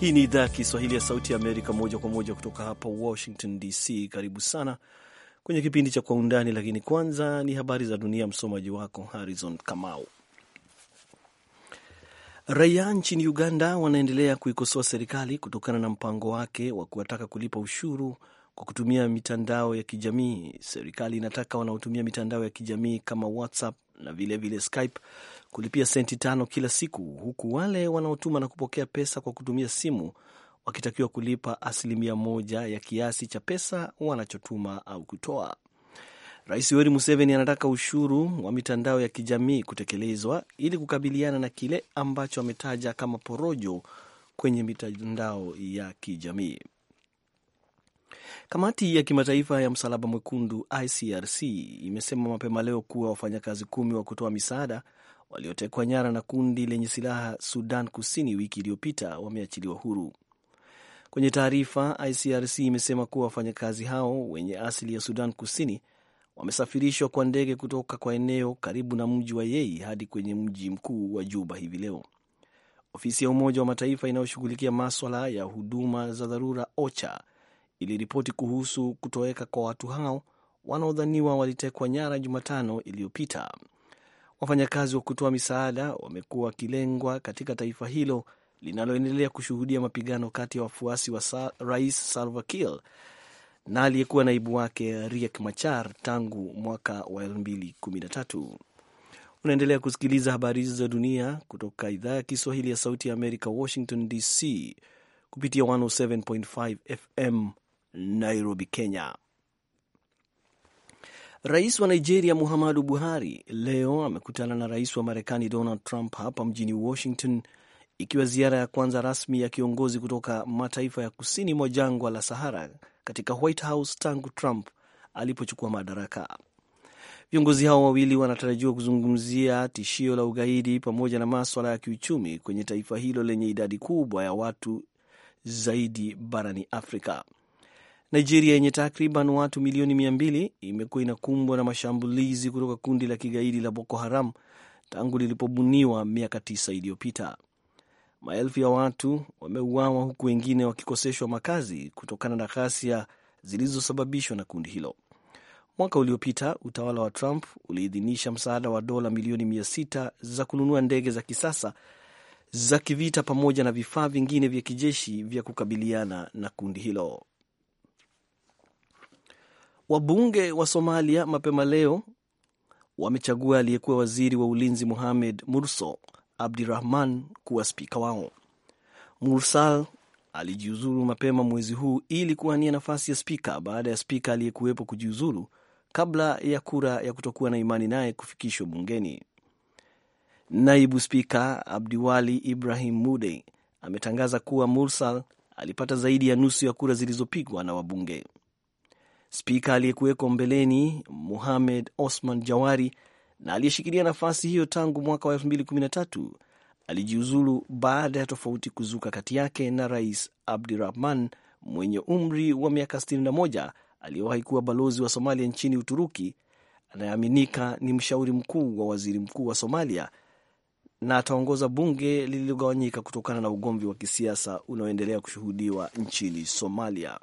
Hii ni idhaa ya Kiswahili ya Sauti ya Amerika, moja kwa moja kutoka hapa Washington DC. Karibu sana kwenye kipindi cha Kwa Undani, lakini kwanza ni habari za dunia. Msomaji wako Harrison Kamau. Raia nchini Uganda wanaendelea kuikosoa serikali kutokana na mpango wake wa kuwataka kulipa ushuru kwa kutumia mitandao ya kijamii. Serikali inataka wanaotumia mitandao ya kijamii kama WhatsApp na vilevile vile Skype kulipia senti tano kila siku, huku wale wanaotuma na kupokea pesa kwa kutumia simu wakitakiwa kulipa asilimia moja ya kiasi cha pesa wanachotuma au kutoa. Rais Yoweri Museveni anataka ushuru wa mitandao ya kijamii kutekelezwa ili kukabiliana na kile ambacho ametaja kama porojo kwenye mitandao ya kijamii. Kamati ya kimataifa ya Msalaba Mwekundu ICRC imesema mapema leo kuwa wafanyakazi kumi wa kutoa misaada waliotekwa nyara na kundi lenye silaha Sudan Kusini wiki iliyopita wameachiliwa huru. Kwenye taarifa, ICRC imesema kuwa wafanyakazi hao wenye asili ya Sudan Kusini wamesafirishwa kwa ndege kutoka kwa eneo karibu na mji wa Yei hadi kwenye mji mkuu wa Juba hivi leo. Ofisi ya Umoja wa Mataifa inayoshughulikia maswala ya huduma za dharura OCHA iliripoti kuhusu kutoweka kwa watu hao wanaodhaniwa walitekwa nyara Jumatano iliyopita Wafanyakazi wa kutoa misaada wamekuwa wakilengwa katika taifa hilo linaloendelea kushuhudia mapigano kati ya wafuasi wa sa Rais Salva Kiir na aliyekuwa naibu wake Riek Machar tangu mwaka wa 2013. Unaendelea kusikiliza habari hizi za dunia kutoka idhaa ya Kiswahili ya Sauti ya Amerika, Washington DC, kupitia 107.5 FM Nairobi, Kenya. Rais wa Nigeria Muhammadu Buhari leo amekutana na rais wa Marekani Donald Trump hapa mjini Washington, ikiwa ziara ya kwanza rasmi ya kiongozi kutoka mataifa ya kusini mwa jangwa la Sahara katika White House tangu Trump alipochukua madaraka. Viongozi hao wawili wanatarajiwa kuzungumzia tishio la ugaidi pamoja na maswala ya kiuchumi kwenye taifa hilo lenye idadi kubwa ya watu zaidi barani Afrika. Nigeria yenye takriban watu milioni mia mbili imekuwa inakumbwa na mashambulizi kutoka kundi la kigaidi la Boko Haram tangu lilipobuniwa miaka tisa iliyopita. Maelfu ya watu wameuawa huku wengine wakikoseshwa makazi kutokana na ghasia zilizosababishwa na kundi hilo. Mwaka uliopita utawala wa Trump uliidhinisha msaada wa dola milioni mia sita za kununua ndege za kisasa za kivita pamoja na vifaa vingine vya kijeshi vya kukabiliana na kundi hilo. Wabunge wa Somalia mapema leo wamechagua aliyekuwa waziri wa ulinzi Mohamed Murso Abdirahman kuwa spika wao. Mursal alijiuzuru mapema mwezi huu ili kuwania nafasi ya spika baada ya spika aliyekuwepo kujiuzuru kabla ya kura ya kutokuwa na imani naye kufikishwa bungeni. Naibu spika Abdiwali Ibrahim Mude ametangaza kuwa Mursal alipata zaidi ya nusu ya kura zilizopigwa na wabunge. Spika aliyekuweko mbeleni Muhamed Osman Jawari na aliyeshikilia nafasi hiyo tangu mwaka wa 2013 alijiuzulu baada ya tofauti kuzuka kati yake na Rais rahman mwenye umri wa miaka 61 aliyewahi kuwa balozi wa Somalia nchini Uturuki, anayeaminika ni mshauri mkuu wa waziri mkuu wa Somalia na ataongoza bunge lililogawanyika kutokana na ugomvi wa kisiasa unaoendelea kushuhudiwa nchini Somalia.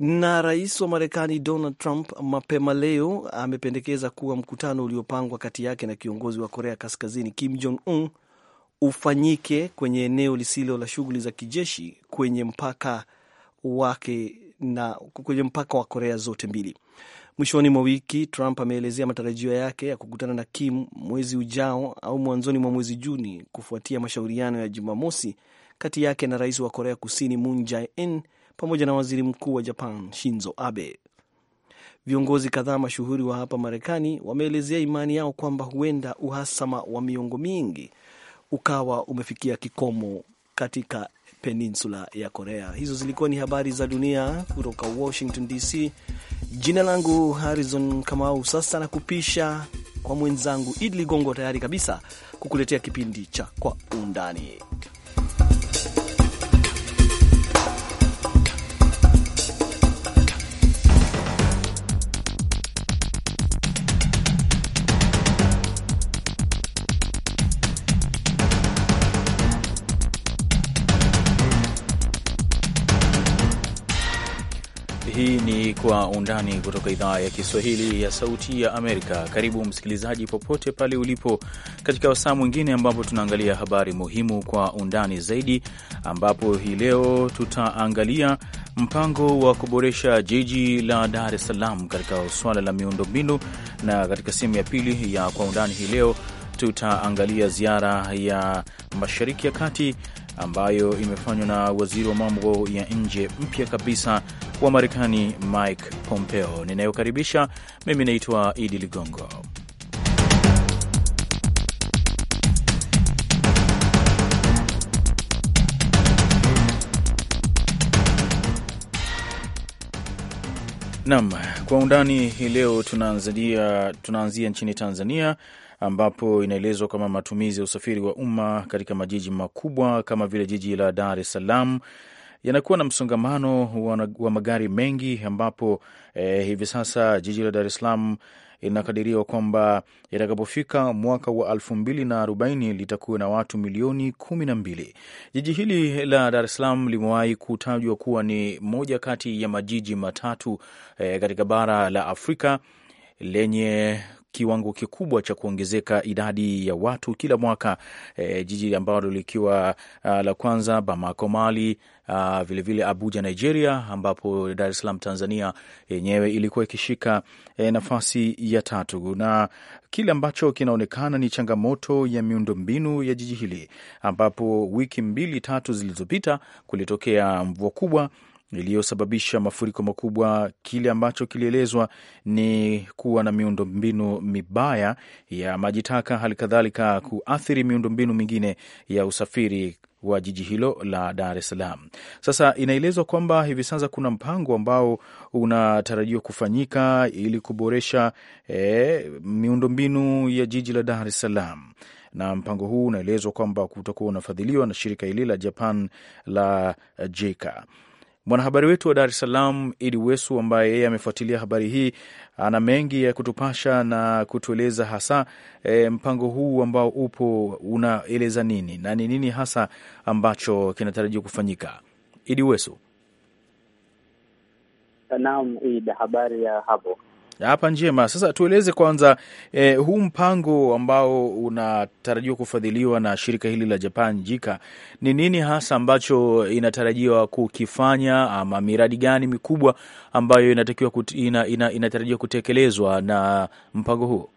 Na rais wa Marekani Donald Trump mapema leo amependekeza kuwa mkutano uliopangwa kati yake na kiongozi wa Korea Kaskazini Kim Jong Un ufanyike kwenye eneo lisilo la shughuli za kijeshi kwenye mpaka wake na kwenye mpaka wa Korea zote mbili. Mwishoni mwa wiki, Trump ameelezea matarajio yake ya kukutana na Kim mwezi ujao au mwanzoni mwa mwezi Juni kufuatia mashauriano ya Jumamosi kati yake na rais wa Korea Kusini Moon Jae-in pamoja na waziri mkuu wa Japan Shinzo Abe. Viongozi kadhaa mashuhuri wa hapa Marekani wameelezea imani yao kwamba huenda uhasama wa miongo mingi ukawa umefikia kikomo katika peninsula ya Korea. Hizo zilikuwa ni habari za dunia kutoka Washington DC. Jina langu Harrison Kamau. Sasa nakupisha kwa mwenzangu Idli Ligongo, tayari kabisa kukuletea kipindi cha Kwa Undani. Undani kutoka idhaa ya Kiswahili ya Sauti ya Amerika. Karibu msikilizaji, popote pale ulipo, katika wasaa mwingine ambapo tunaangalia habari muhimu kwa undani zaidi, ambapo hii leo tutaangalia mpango wa kuboresha jiji la Dar es Salaam katika suala la miundombinu, na katika sehemu ya pili ya Kwa Undani hii leo tutaangalia ziara ya Mashariki ya Kati ambayo imefanywa na waziri wa mambo ya nje mpya kabisa wa Marekani Mike Pompeo. Ninayokaribisha mimi naitwa Idi Ligongo. Nam kwa undani hii leo tunaanzia, tunaanzia nchini Tanzania ambapo inaelezwa kwama matumizi ya usafiri wa umma katika majiji makubwa kama vile jiji la Dar es Salaam yanakuwa na msongamano wa, wa magari mengi ambapo eh, hivi sasa jiji la Dar es Salaam inakadiriwa kwamba itakapofika mwaka wa elfu mbili na arobaini litakuwa na watu milioni kumi na mbili. Jiji hili la Dar es Salaam limewahi kutajwa kuwa ni moja kati ya majiji matatu eh, katika bara la Afrika lenye kiwango kikubwa cha kuongezeka idadi ya watu kila mwaka e, jiji ambalo likiwa uh, la kwanza Bamako Mali, uh, vilevile Abuja Nigeria, ambapo Dar es Salaam Tanzania yenyewe ilikuwa ikishika e, nafasi ya tatu, na kile ambacho kinaonekana ni changamoto ya miundombinu ya jiji hili, ambapo wiki mbili tatu zilizopita kulitokea mvua kubwa iliyosababisha mafuriko makubwa, kile ambacho kilielezwa ni kuwa na miundombinu mibaya ya maji taka, hali kadhalika kuathiri miundombinu mingine ya usafiri wa jiji hilo la Dar es Salaam. Sasa inaelezwa kwamba hivi sasa kuna mpango ambao unatarajiwa kufanyika ili kuboresha eh, miundombinu ya jiji la Dar es Salaam na mpango huu unaelezwa kwamba kutakuwa unafadhiliwa na shirika hili la Japan la JICA. Mwanahabari wetu wa Dar es Salaam Idi Wesu, ambaye yeye amefuatilia habari hii, ana mengi ya kutupasha na kutueleza hasa e, mpango huu ambao upo unaeleza nini na ni nini hasa ambacho kinatarajiwa kufanyika. Idi Wesu. Naam, Idi, habari ya hapo hapa njema. Sasa tueleze kwanza, eh, huu mpango ambao unatarajiwa kufadhiliwa na shirika hili la Japan Jika, ni nini hasa ambacho inatarajiwa kukifanya ama miradi gani mikubwa ambayo inatakiwa kut, ina, ina, inatarajiwa kutekelezwa na mpango huo?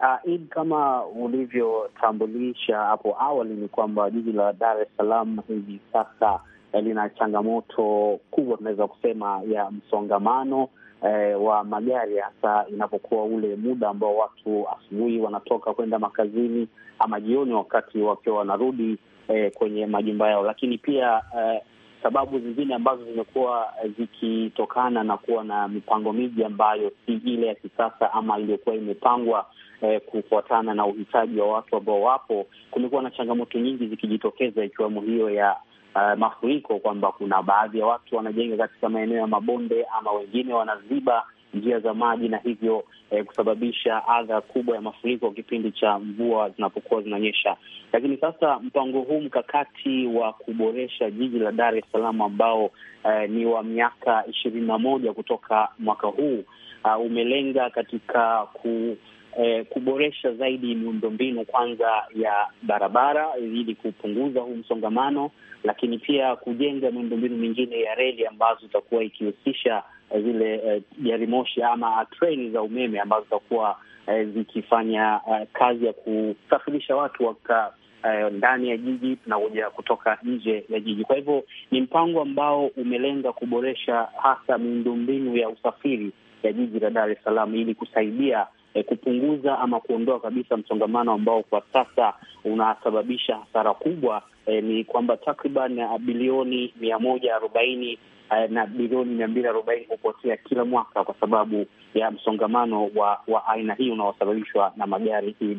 Uh, ah, Id, kama ulivyotambulisha hapo awali ni kwamba jiji la Dar es Salaam hivi sasa Eh, lina changamoto kubwa, tunaweza kusema ya msongamano E, wa magari hasa inapokuwa ule muda ambao watu asubuhi wanatoka kwenda makazini ama jioni wakati wakiwa wanarudi e, kwenye majumba yao. Lakini pia e, sababu zingine ambazo zimekuwa zikitokana na kuwa na mipango miji ambayo si ile ya kisasa ama iliyokuwa imepangwa eh, kufuatana na uhitaji wa watu ambao wapo, kumekuwa na changamoto nyingi zikijitokeza ikiwemo hiyo ya uh, mafuriko kwamba kuna baadhi ya watu wanajenga katika maeneo ya mabonde ama wengine wanaziba njia za maji na hivyo eh, kusababisha adha kubwa ya mafuriko kipindi cha mvua zinapokuwa zinanyesha. Lakini sasa mpango huu mkakati wa kuboresha jiji la Dar es Salaam ambao eh, ni wa miaka ishirini na moja kutoka mwaka huu uh, umelenga katika ku eh, kuboresha zaidi miundombinu kwanza ya barabara ili kupunguza huu msongamano, lakini pia kujenga miundombinu mingine ya reli ambazo itakuwa ikihusisha eh, zile eh, gari eh, moshi ama treni za umeme ambazo zitakuwa eh, zikifanya eh, kazi ya kusafirisha watu waka Uh, ndani ya jiji na kutoka nje ya jiji. Kwa hivyo ni mpango ambao umelenga kuboresha hasa miundombinu ya usafiri ya jiji la Dar es Salaam ili kusaidia eh, kupunguza ama kuondoa kabisa msongamano ambao kwa sasa unasababisha hasara kubwa eh, ni kwamba takriban eh, bilioni mia moja arobaini eh, na bilioni mia mbili arobaini hupotea kila mwaka kwa sababu ya msongamano wa, wa aina hii unaosababishwa na magari hii.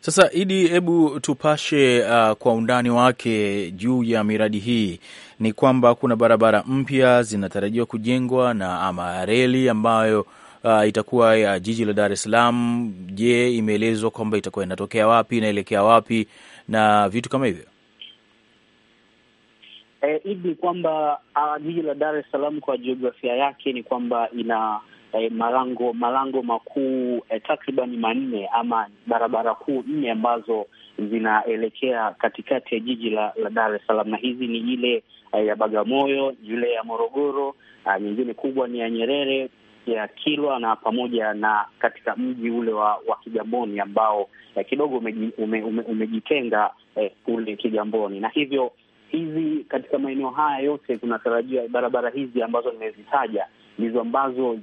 Sasa Idi, hebu tupashe uh, kwa undani wake juu ya miradi hii. Ni kwamba kuna barabara mpya zinatarajiwa kujengwa na ama reli ambayo uh, itakuwa ya jiji la Dar es Salaam. Je, imeelezwa kwamba itakuwa inatokea wapi, inaelekea wapi na vitu kama hivyo? E, idi kwamba uh, jiji la Dar es Salaam kwa jiografia yake ni kwamba ina E, malango malango makuu e, takriban manne ama barabara kuu nne ambazo zinaelekea katikati ya jiji la, la Dar es Salaam, na hizi ni ile e, ya Bagamoyo, ile ya Morogoro, ah, nyingine kubwa ni ya Nyerere ya Kilwa na pamoja na katika mji ule wa, wa Kigamboni ambao eh, kidogo umejitenga ume, ume, eh, kule Kigamboni, na hivyo hizi katika maeneo haya yote kunatarajia barabara hizi ambazo nimezitaja ndizo ambazo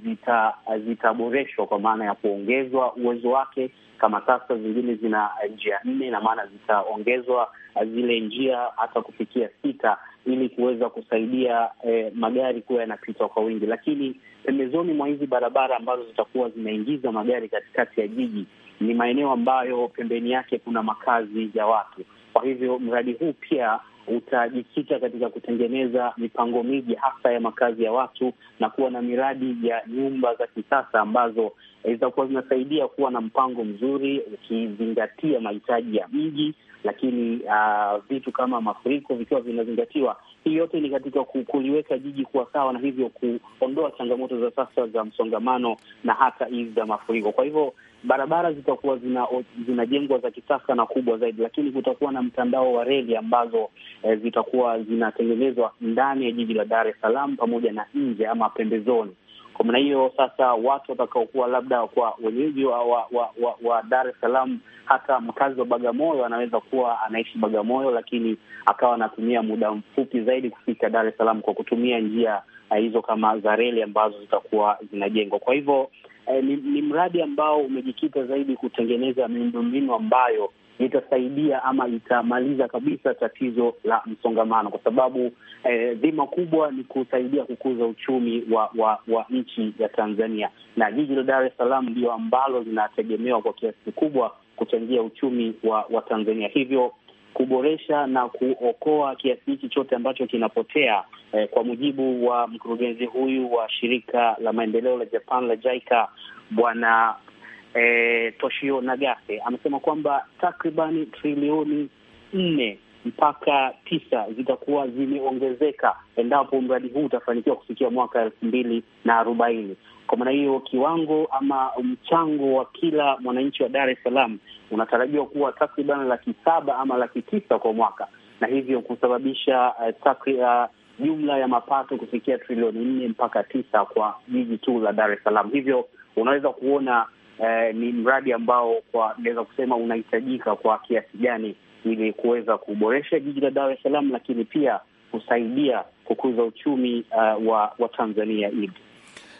zitaboreshwa zita kwa maana ya kuongezwa uwezo wake. Kama sasa zingine zina njia nne, na maana zitaongezwa zile njia hata kufikia sita ili kuweza kusaidia eh, magari kuwa yanapitwa kwa wingi. Lakini pembezoni mwa hizi barabara ambazo zitakuwa zinaingiza magari katikati ya jiji ni maeneo ambayo pembeni yake kuna makazi ya watu. Kwa hivyo mradi huu pia utajikita katika kutengeneza mipango miji hasa ya makazi ya watu na kuwa na miradi ya nyumba za kisasa ambazo zitakuwa zinasaidia kuwa na mpango mzuri ukizingatia mahitaji ya mji, lakini uh, vitu kama mafuriko vikiwa vinazingatiwa. Hii yote ni katika kuliweka jiji kuwa sawa na hivyo kuondoa changamoto za sasa za msongamano na hata hizi za mafuriko. Kwa hivyo barabara zitakuwa zinajengwa zina za kisasa na kubwa zaidi, lakini kutakuwa na mtandao wa reli ambazo eh, zitakuwa zinatengenezwa ndani ya jiji la Dar es Salaam pamoja na nje ama pembezoni. Kwa maana hiyo sasa, watu watakaokuwa labda kwa wenyeji wa, wa, wa, wa, wa Dar es Salaam, hata mkazi wa Bagamoyo anaweza kuwa anaishi Bagamoyo, lakini akawa anatumia muda mfupi zaidi kufika Dar es Salaam kwa kutumia njia eh, hizo kama za reli ambazo zitakuwa zinajengwa. Kwa hivyo eh, ni, ni mradi ambao umejikita zaidi kutengeneza miundombinu ambayo itasaidia ama itamaliza kabisa tatizo la msongamano, kwa sababu eh, dhima kubwa ni kusaidia kukuza uchumi wa, wa, wa nchi ya Tanzania, na jiji la Dar es Salaam ndio ambalo linategemewa kwa kiasi kikubwa kuchangia uchumi wa, wa Tanzania, hivyo kuboresha na kuokoa kiasi hiki chote ambacho kinapotea eh, kwa mujibu wa mkurugenzi huyu wa shirika la maendeleo la Japan la JICA bwana eh, Toshio Nagase amesema kwamba takribani trilioni nne mpaka tisa zitakuwa zimeongezeka endapo mradi huu utafanikiwa kufikia mwaka elfu mbili na arobaini. Kwa maana hiyo, kiwango ama mchango wa kila mwananchi wa Dar es Salaam unatarajiwa kuwa takriban laki saba ama laki tisa kwa mwaka, na hivyo kusababisha uh, takri, uh, jumla ya mapato kufikia trilioni nne mpaka tisa kwa jiji tu la Dar es Salaam. Hivyo unaweza kuona eh, ni mradi ambao kwa naweza kusema unahitajika kwa kiasi gani ili kuweza kuboresha jiji la Dar es Salaam, lakini pia kusaidia kukuza uchumi uh, wa, wa Tanzania id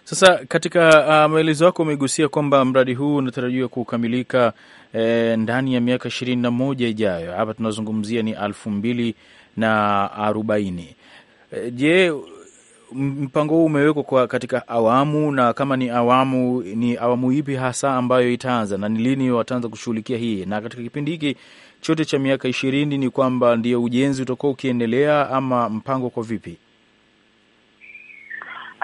Sasa katika uh, maelezo yako umegusia kwamba mradi huu unatarajiwa kukamilika eh, ndani ya miaka ishirini na moja ijayo. Hapa tunazungumzia ni elfu mbili na arobaini. Eh, je, mpango huu umewekwa katika awamu, na kama ni awamu, ni awamu ipi hasa ambayo itaanza na ni lini wataanza kushughulikia hii? Na katika kipindi hiki chote cha miaka ishirini ni kwamba ndio ujenzi utakuwa ukiendelea, ama mpango kwa vipi?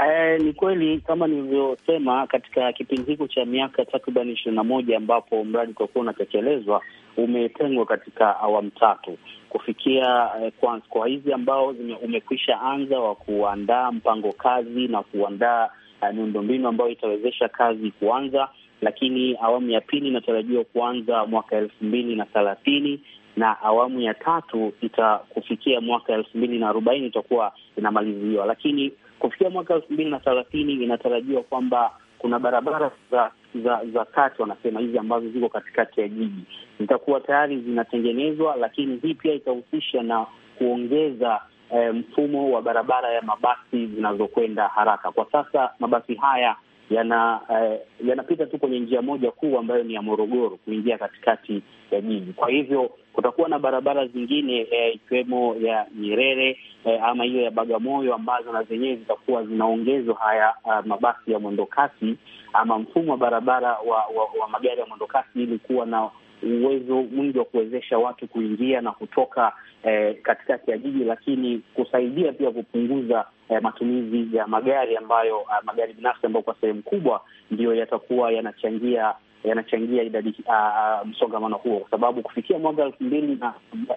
E, ni kweli kama nilivyosema katika kipindi hiko cha miaka takriban ishirini na moja ambapo mradi utakuwa unatekelezwa umetengwa katika awamu tatu kufikia eh, kwa, kwa hizi ambao umekwisha anza wa kuandaa mpango kazi na kuandaa eh, miundombinu ambayo itawezesha kazi kuanza, lakini awamu ya pili inatarajiwa kuanza mwaka elfu mbili na thelathini na awamu ya tatu itakufikia mwaka elfu mbili na arobaini itakuwa inamaliziwa, lakini kufikia mwaka elfu mbili na thelathini inatarajiwa kwamba kuna barabara za za za kati wanasema hizi ambazo ziko katikati ya jiji zitakuwa tayari zinatengenezwa, lakini hii pia itahusisha na kuongeza eh, mfumo wa barabara ya mabasi zinazokwenda haraka. Kwa sasa mabasi haya yana eh, yanapita tu kwenye njia moja kuu ambayo ni ya Morogoro kuingia katikati ya jiji. Kwa hivyo kutakuwa na barabara zingine eh, ikiwemo ya Nyerere eh, ama hiyo ya Bagamoyo ambazo na zenyewe zitakuwa zinaongezwa haya uh, mabasi ya mwendokasi ama mfumo wa barabara wa, wa, wa magari ya mwendokasi ili kuwa na uwezo mwingi wa kuwezesha watu kuingia na kutoka eh, katikati ya jiji, lakini kusaidia pia kupunguza eh, matumizi ya magari ambayo ah, magari binafsi ambayo kwa sehemu kubwa ndiyo yatakuwa yanachangia yanachangia idadi ah, ah, msongamano huo, kwa sababu kufikia mwaka elfu mbili na,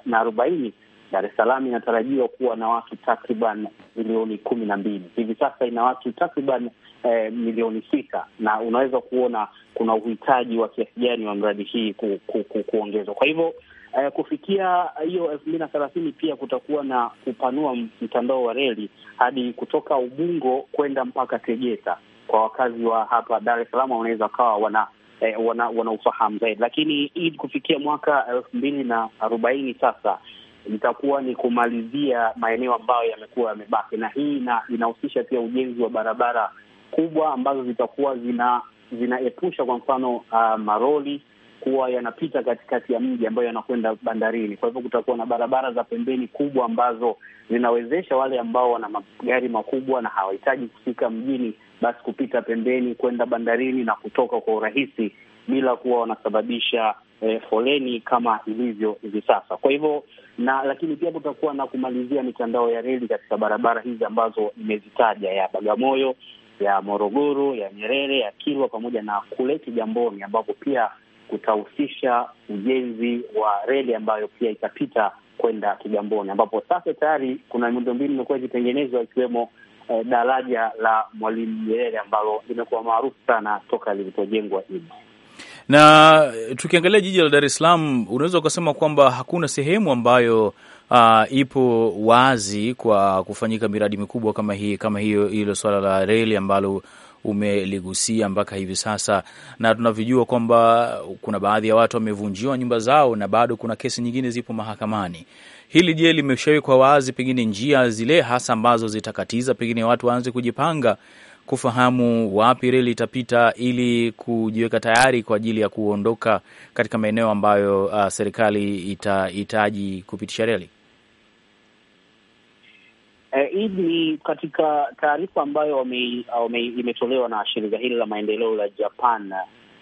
na arobaini Dar es Salaam inatarajiwa kuwa na watu takriban milioni kumi na mbili. Hivi sasa ina watu takriban eh, milioni sita, na unaweza kuona kuna uhitaji wa kiasi gani wa mradi hii ku, ku, ku, kuongezwa. Kwa hivyo eh, kufikia hiyo elfu mbili na thelathini pia kutakuwa na kupanua mtandao wa reli hadi kutoka Ubungo kwenda mpaka Tegeta. Kwa wakazi wa hapa Dar es Salaam wanaweza wakawa wana Eh, wana, wana zaidi, lakini ili kufikia mwaka elfu mbili na arobaini sasa itakuwa ni kumalizia maeneo ambayo yamekuwa yamebaki, na hii inahusisha pia ujenzi wa barabara kubwa ambazo zitakuwa zina zinaepusha kwa mfano uh, maroli kuwa yanapita katikati ya mji ambayo yanakwenda bandarini. Kwa hivyo kutakuwa na barabara za pembeni kubwa ambazo zinawezesha wale ambao wana magari makubwa na hawahitaji kufika mjini, basi kupita pembeni kwenda bandarini na kutoka kwa urahisi bila kuwa wanasababisha eh, foleni kama ilivyo hivi sasa. Kwa hivyo na lakini pia kutakuwa na kumalizia mitandao ya reli katika barabara hizi ambazo nimezitaja ya Bagamoyo ya Morogoro, ya Nyerere, ya Kilwa pamoja na Kuleti Jamboni, ambapo pia kutahusisha ujenzi wa reli ambayo pia itapita kwenda Kigamboni, ambapo sasa tayari kuna miundombinu imekuwa ikitengenezwa ikiwemo eh, daraja la Mwalimu Nyerere ambalo limekuwa maarufu sana toka lilipojengwa hivi na eh, tukiangalia jiji la Dar es Salaam, unaweza ukasema kwamba hakuna sehemu ambayo uh, ipo wazi kwa kufanyika miradi mikubwa kama hii kama hiyo, hilo swala la reli ambalo umeligusia mpaka hivi sasa, na tunavyojua kwamba kuna baadhi ya watu wamevunjiwa nyumba zao na bado kuna kesi nyingine zipo mahakamani. Hili je, limeshawekwa wazi pengine njia zile hasa ambazo zitakatiza pengine watu waanze kujipanga kufahamu wapi reli itapita ili kujiweka tayari kwa ajili ya kuondoka katika maeneo ambayo uh, serikali itahitaji kupitisha reli? Eh, hii ni katika taarifa ambayo wame, wame, imetolewa na shirika hili la maendeleo la Japan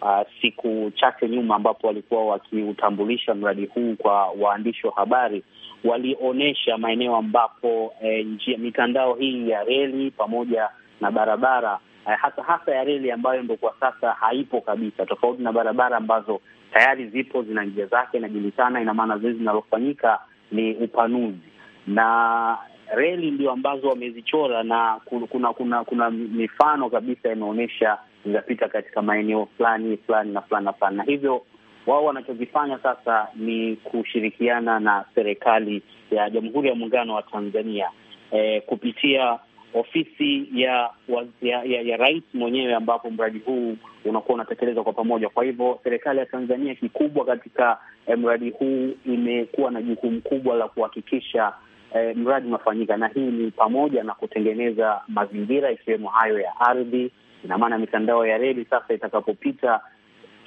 uh, siku chache nyuma, ambapo walikuwa wakiutambulisha mradi huu kwa waandishi wa habari. Walionyesha maeneo ambapo eh, njia mitandao hii ya reli pamoja na barabara eh, hasa hasa ya reli ambayo ndo kwa sasa haipo kabisa, tofauti na barabara ambazo tayari zipo zina njia zake inajulikana. Ina maana zoezi linalofanyika ni upanuzi na reli ndio ambazo wamezichora, na kuna kuna kuna mifano kabisa imeonyesha zinapita katika maeneo fulani fulani na fulani na fulani, na hivyo wao wanachokifanya sasa ni kushirikiana na serikali ya Jamhuri ya Muungano wa Tanzania eh, kupitia ofisi ya, ya, ya, ya rais mwenyewe ambapo mradi huu unakuwa unatekelezwa kwa pamoja. Kwa hivyo serikali ya Tanzania kikubwa katika eh, mradi huu imekuwa na jukumu kubwa la kuhakikisha eh, mradi unafanyika, na hii ni pamoja na kutengeneza mazingira ikiwemo hayo ya ardhi. Ina maana mitandao ya reli sasa itakapopita,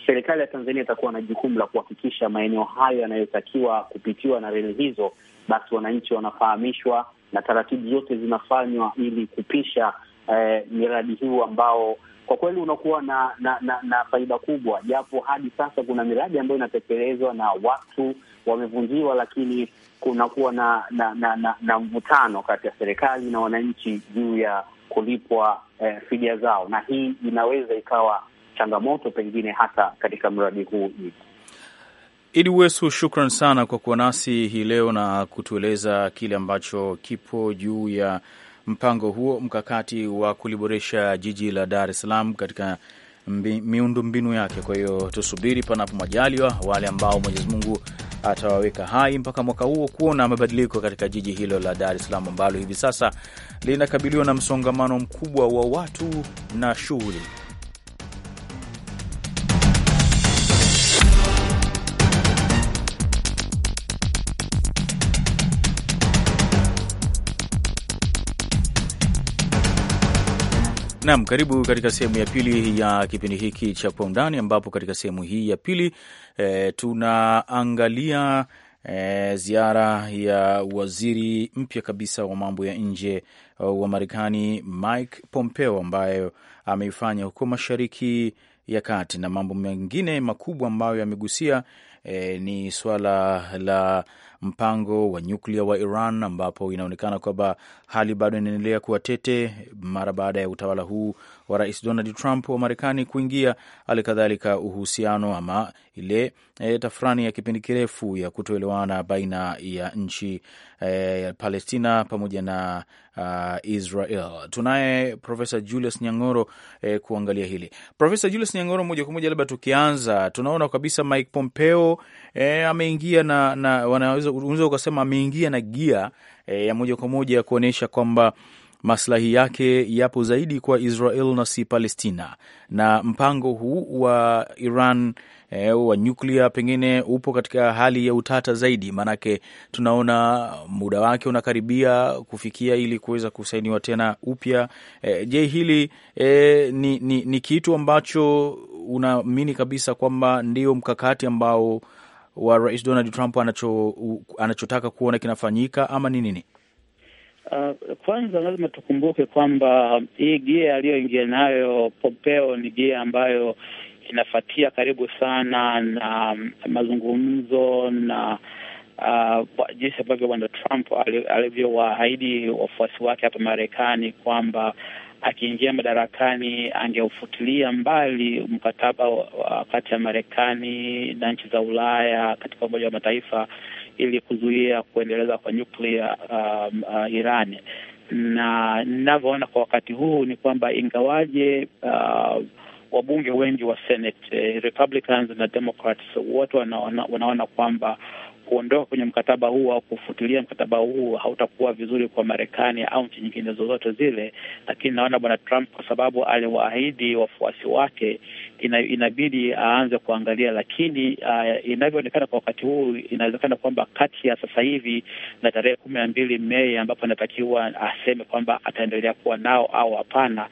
serikali ya Tanzania itakuwa na jukumu la kuhakikisha maeneo hayo yanayotakiwa kupitiwa na reli hizo, basi wananchi wanafahamishwa na taratibu zote zinafanywa ili kupisha eh, miradi huu ambao kwa kweli unakuwa na na, na na faida kubwa, japo hadi sasa kuna miradi ambayo inatekelezwa na watu wamevunjiwa, lakini kunakuwa na na, na, na, na mvutano kati ya serikali na wananchi juu ya kulipwa eh, fidia zao, na hii inaweza ikawa changamoto pengine hata katika mradi huu. Idi Wesu, shukran sana kwa kuwa nasi hii leo na kutueleza kile ambacho kipo juu ya mpango huo mkakati wa kuliboresha jiji la Dar es Salaam katika miundombinu yake. Kwa hiyo tusubiri, panapo majaliwa, wale ambao Mwenyezi Mungu atawaweka hai mpaka mwaka huo kuona mabadiliko katika jiji hilo la Dar es Salaam ambalo hivi sasa linakabiliwa na msongamano mkubwa wa watu na shughuli Nam, karibu katika sehemu ya pili ya kipindi hiki cha Kwa Undani, ambapo katika sehemu hii ya pili e, tunaangalia e, ziara ya waziri mpya kabisa wa mambo ya nje eh, wa Marekani Mike Pompeo ambayo ameifanya huko mashariki ya Kati, na mambo mengine makubwa ambayo yamegusia e, ni suala la mpango wa nyuklia wa Iran ambapo inaonekana kwamba hali bado inaendelea kuwa tete mara baada ya utawala huu wa rais Donald Trump wa Marekani kuingia, hali kadhalika uhusiano ama ile e, tafrani ya kipindi kirefu ya kutoelewana baina ya nchi e, Palestina pamoja na uh, Israel. Tunaye Profesa Julius Nyang'oro e, kuangalia hili. Profesa Julius Nyang'oro, moja kwa moja, labda tukianza, tunaona kabisa Mike Pompeo e, ameingia na, na wanaweza unaweza ukasema ameingia na gia e, ya moja kwa moja kuonyesha kwamba maslahi yake yapo zaidi kwa Israel na si Palestina, na mpango huu wa Iran E, wa nyuklia pengine upo katika hali ya utata zaidi, maanake tunaona muda wake unakaribia kufikia ili kuweza kusainiwa tena upya. E, je, hili e, ni, ni, ni kitu ambacho unaamini kabisa kwamba ndio mkakati ambao wa Rais Donald Trump anacho, anachotaka kuona kinafanyika ama ni nini? Uh, kwanza lazima tukumbuke kwamba um, hii gia aliyoingia nayo Pompeo ni gia ambayo inafatia karibu sana na um, mazungumzo na uh, jinsi ambavyo bwana Trump alivyowaahidi wafuasi wake hapa Marekani kwamba akiingia madarakani angeufutilia mbali mkataba kati ya Marekani na nchi za Ulaya katika Umoja wa Mataifa ili kuzuia kuendeleza kwa nyuklia um, uh, Irani na ninavyoona kwa wakati huu ni kwamba ingawaje uh, wabunge wengi wa Senate eh, Republicans na Democrats wote wanaona, wanaona kwamba kuondoka kwenye mkataba huu au kufutilia mkataba huu hautakuwa vizuri kwa Marekani au nchi nyingine zozote zile. Lakini naona bwana Trump, kwa sababu aliwaahidi wafuasi wake, ina, inabidi aanze kuangalia. Lakini uh, inavyoonekana kwa wakati huu, inawezekana kwamba kati ya sasa hivi na tarehe kumi na mbili Mei ambapo anatakiwa aseme kwamba ataendelea kuwa nao au hapana,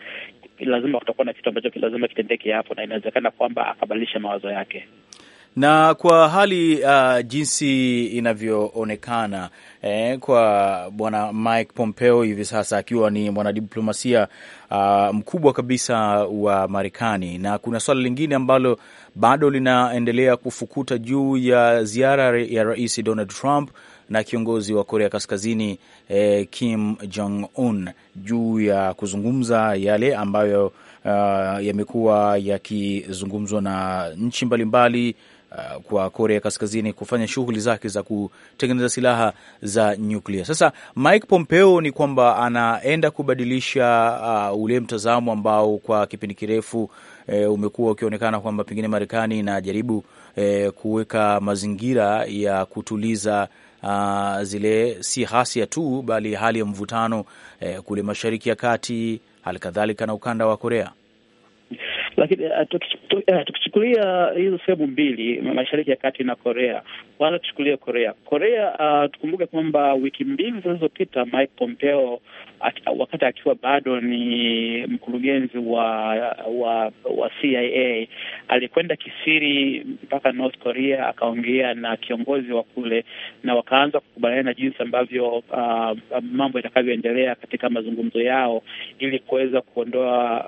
lazima kutakuwa na kitu ambacho lazima kitendeke hapo, na inawezekana kwamba akabadilisha mawazo yake na kwa hali uh, jinsi inavyoonekana eh, kwa bwana Mike Pompeo hivi sasa akiwa ni mwanadiplomasia uh, mkubwa kabisa wa Marekani, na kuna suala lingine ambalo bado linaendelea kufukuta juu ya ziara ya Rais Donald Trump na kiongozi wa Korea Kaskazini eh, Kim Jong Un juu ya kuzungumza yale ambayo uh, yamekuwa yakizungumzwa na nchi mbalimbali uh, kwa Korea Kaskazini kufanya shughuli zake za kutengeneza silaha za nyuklia. Sasa Mike Pompeo ni kwamba anaenda kubadilisha uh, ule mtazamo ambao kwa kipindi kirefu eh, umekuwa ukionekana kwamba pengine Marekani inajaribu eh, kuweka mazingira ya kutuliza Uh, zile si ghasia tu bali hali ya mvutano eh, kule Mashariki ya Kati, hali kadhalika na ukanda wa Korea. Lakini eh, eh, tukichukulia hizo sehemu mbili, mashariki ya kati na Korea, wala tuchukulie Korea Korea, uh, tukumbuke kwamba wiki mbili zilizopita Mike Pompeo wakati akiwa bado ni mkurugenzi wa, wa wa CIA alikwenda kisiri mpaka North Korea akaongea na kiongozi wa kule, na wakaanza kukubaliana jinsi ambavyo uh, mambo yatakavyoendelea katika mazungumzo yao ili kuweza kuondoa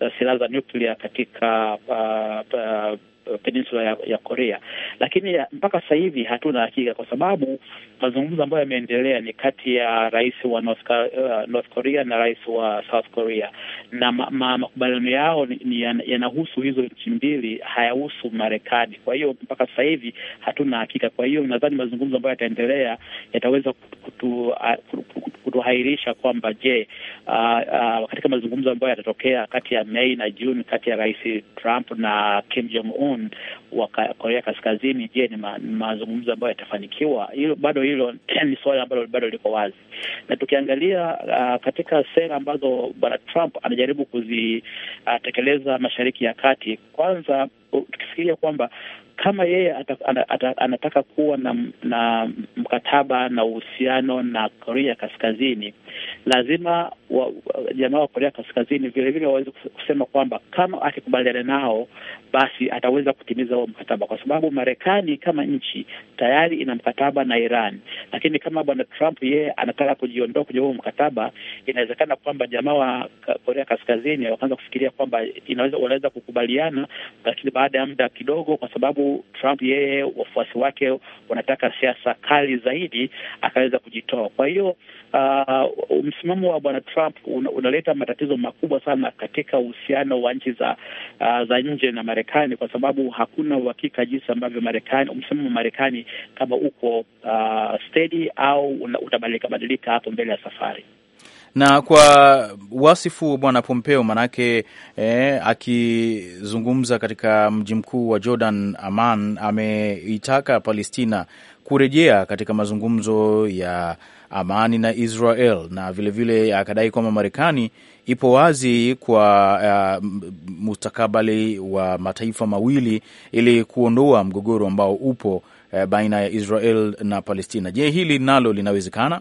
uh, silaha za nuklia katika uh, uh, Eh, peninsula ya, ya Korea, lakini ya, eh, mpaka sasa hivi hatuna hakika, kwa sababu mazungumzo ambayo yameendelea ni kati ya rais wa North, uh, North Korea na rais wa South Korea, na makubaliano yao ni, ni yanahusu hizo nchi mbili, hayahusu Marekani. Kwa hiyo mpaka sasa hivi hatuna hakika. Kwa hiyo nadhani mazungumzo ambayo yataendelea yataweza kutuhairisha kwamba je, uh, uh, katika mazungumzo ambayo yatatokea kati ya Mei na Juni kati ya rais Trump na Kim Jong Un Moon wa Korea Kaskazini. Je, ni ma, mazungumzo ambayo yatafanikiwa? Hilo bado, hilo ni suala ambalo bado liko wazi, na tukiangalia uh, katika sera ambazo bwana Trump anajaribu kuzitekeleza ah, uh, mashariki ya kati, kwanza tukifikiria kwamba kama yeye anataka kuwa na, na mkataba na uhusiano na Korea Kaskazini, lazima jamaa wa Korea Kaskazini vilevile waweze kusema kwamba kama akikubaliana nao, basi ataweza kutimiza huo mkataba, kwa sababu Marekani kama nchi tayari ina mkataba na Iran. Lakini kama bwana Trump yeye anataka kujiondoa kwenye huo mkataba, inawezekana kwamba jamaa wa Korea Kaskazini wakaanza kufikiria kwamba inaweza wanaweza kukubaliana, lakini baada ya muda kidogo, kwa sababu Trump yeye, wafuasi wake wanataka siasa kali zaidi, akaweza kujitoa. Kwa hiyo uh, msimamo wa bwana Trump un, unaleta matatizo makubwa sana katika uhusiano wa nchi za uh, za nje na Marekani, kwa sababu hakuna uhakika jinsi ambavyo Marekani, msimamo wa Marekani kama uko uh, steady au utabadilika badilika hapo mbele ya safari. Na kwa wasifu bwana Pompeo, manake eh, akizungumza katika mji mkuu wa Jordan Amman, ameitaka Palestina kurejea katika mazungumzo ya amani na Israel na vilevile vile akadai kwamba Marekani ipo wazi kwa uh, mustakabali wa mataifa mawili ili kuondoa mgogoro ambao upo uh, baina ya Israel na Palestina. Je, hili nalo linawezekana?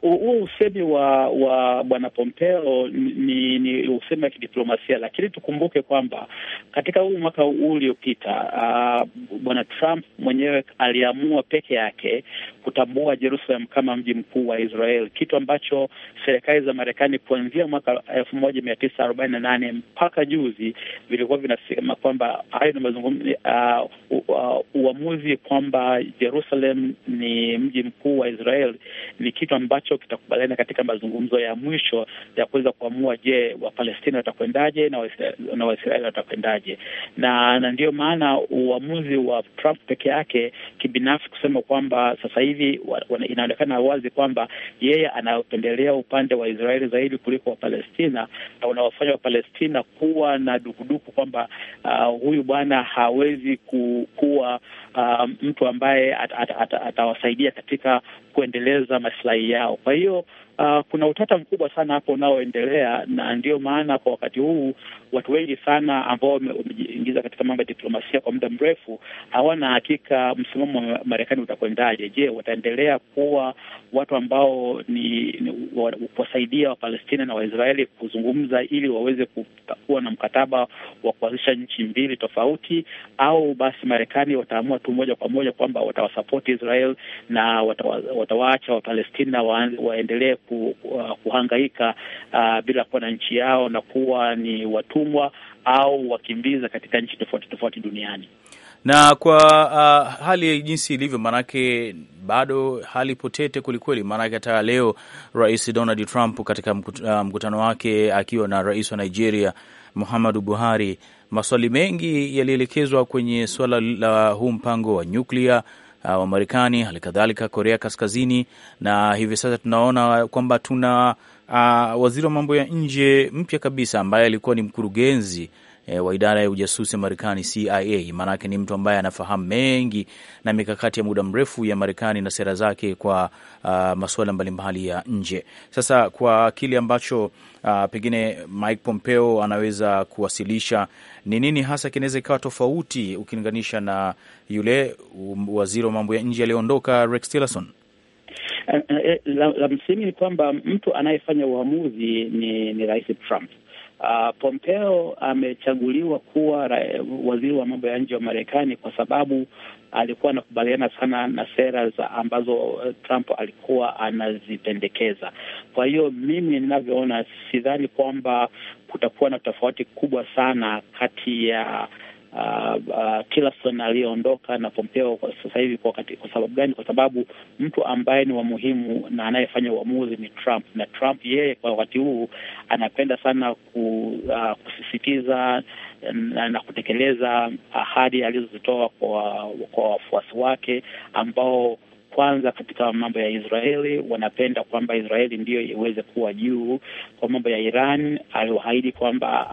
huu uh, usemi wa wa bwana Pompeo ni, ni usemi wa kidiplomasia, lakini tukumbuke kwamba katika huu mwaka huu uliopita uh, bwana Trump mwenyewe aliamua peke yake kutambua Jerusalem kama mji mkuu wa Israel, kitu ambacho serikali za Marekani kuanzia mwaka elfu moja mia tisa arobaini na nane mpaka juzi vilikuwa vinasema kwamba hayo ni mazungumzo uh, uh, uamuzi kwamba Jerusalem ni mji mkuu wa Israel ni kitu ambacho kitakubaliana katika mazungumzo ya mwisho ya kuweza kuamua, je, Wapalestina watakwendaje na Waisraeli watakwendaje? Na, na ndiyo maana uamuzi wa Trump peke yake kibinafsi kusema kwamba sasa hivi inaonekana wazi kwamba yeye anapendelea upande wa Israeli zaidi kuliko Wapalestina, na unawafanya Wapalestina kuwa na dukuduku kwamba uh, huyu bwana hawezi ku, kuwa uh, mtu ambaye atawasaidia at, at, at, at, at, katika kuendeleza masilahi yao. Kwa hiyo Uh, kuna utata mkubwa sana hapo unaoendelea, na ndiyo maana kwa wakati huu watu wengi sana ambao wamejiingiza katika mambo ya diplomasia kwa muda mrefu hawana hakika msimamo wa Marekani utakwendaje. Je, wataendelea kuwa watu ambao ni, ni kuwasaidia Wapalestina na Waisraeli kuzungumza ili waweze kuwa na mkataba wa kuanzisha nchi mbili tofauti, au basi Marekani wataamua tu moja kwa moja kwamba watawasapoti Israel na watawaacha Wapalestina waendelee ku, uh, kuhangaika uh, bila kuwa na nchi yao na kuwa ni watumwa au wakimbiza katika nchi tofauti tofauti duniani. Na kwa uh, hali jinsi ilivyo, maanake bado hali potete kwelikweli, maanake hata leo Rais Donald Trump katika uh, mkutano wake akiwa na rais wa Nigeria Muhammadu Buhari, maswali mengi yalielekezwa kwenye suala la huu mpango wa nyuklia Uh, wa Marekani, hali kadhalika Korea Kaskazini, na hivi sasa tunaona kwamba tuna uh, waziri wa mambo ya nje mpya kabisa ambaye alikuwa ni mkurugenzi e, wa idara ya ujasusi ya Marekani CIA, maanake ni mtu ambaye anafahamu mengi na mikakati ya muda mrefu ya Marekani na sera zake kwa uh, masuala mbalimbali ya nje. Sasa kwa kile ambacho uh, pengine Mike Pompeo anaweza kuwasilisha ni nini hasa kinaweza ikawa tofauti ukilinganisha na yule um, waziri wa mambo ya nje aliyoondoka Rex Tillerson? Eh, eh, eh, la, la msingi ni kwamba mtu anayefanya uamuzi ni, ni Rais Trump Uh, Pompeo amechaguliwa kuwa waziri wa mambo ya nje wa Marekani kwa sababu alikuwa anakubaliana sana na sera za ambazo eh, Trump alikuwa anazipendekeza. Kwa hiyo mimi ninavyoona, sidhani kwamba kutakuwa na tofauti kubwa sana kati ya uh, uh, uh, Tillerson aliyeondoka na Pompeo sasa hivi kwa, kwa sababu gani? Kwa sababu mtu ambaye ni wa muhimu na anayefanya uamuzi ni Trump, na Trump yeye kwa wakati huu anapenda sana ku, uh, kusisitiza na, na kutekeleza ahadi alizozitoa kwa kwa wafuasi wake ambao kwanza katika mambo ya Israeli. Wanapenda kwamba Israeli ndiyo iweze kuwa juu. Kwa mambo ya Iran, aliahidi kwamba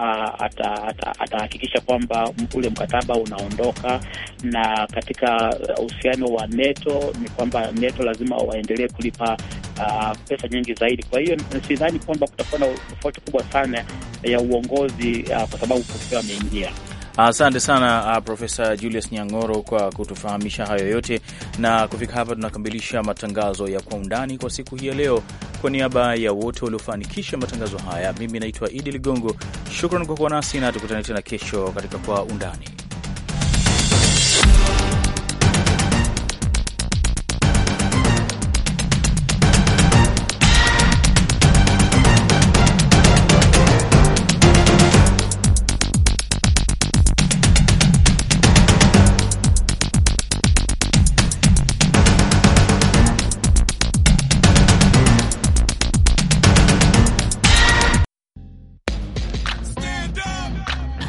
atahakikisha ata, kwamba ule mkataba unaondoka, na katika uhusiano wa NATO ni kwamba NATO lazima waendelee kulipa Uh, pesa nyingi zaidi. Kwa hiyo sidhani kwamba kutakuwa na tofauti kubwa sana ya uongozi uh, kwa sababu Pompeo ameingia Asante sana uh, Profesa Julius Nyang'oro kwa kutufahamisha hayo yote, na kufika hapa tunakamilisha matangazo ya Kwa Undani kwa siku hii ya leo. Kwa niaba ya wote waliofanikisha matangazo haya, mimi naitwa Idi Ligongo. Shukran kwa kuwa nasi na tukutane tena kesho katika Kwa Undani.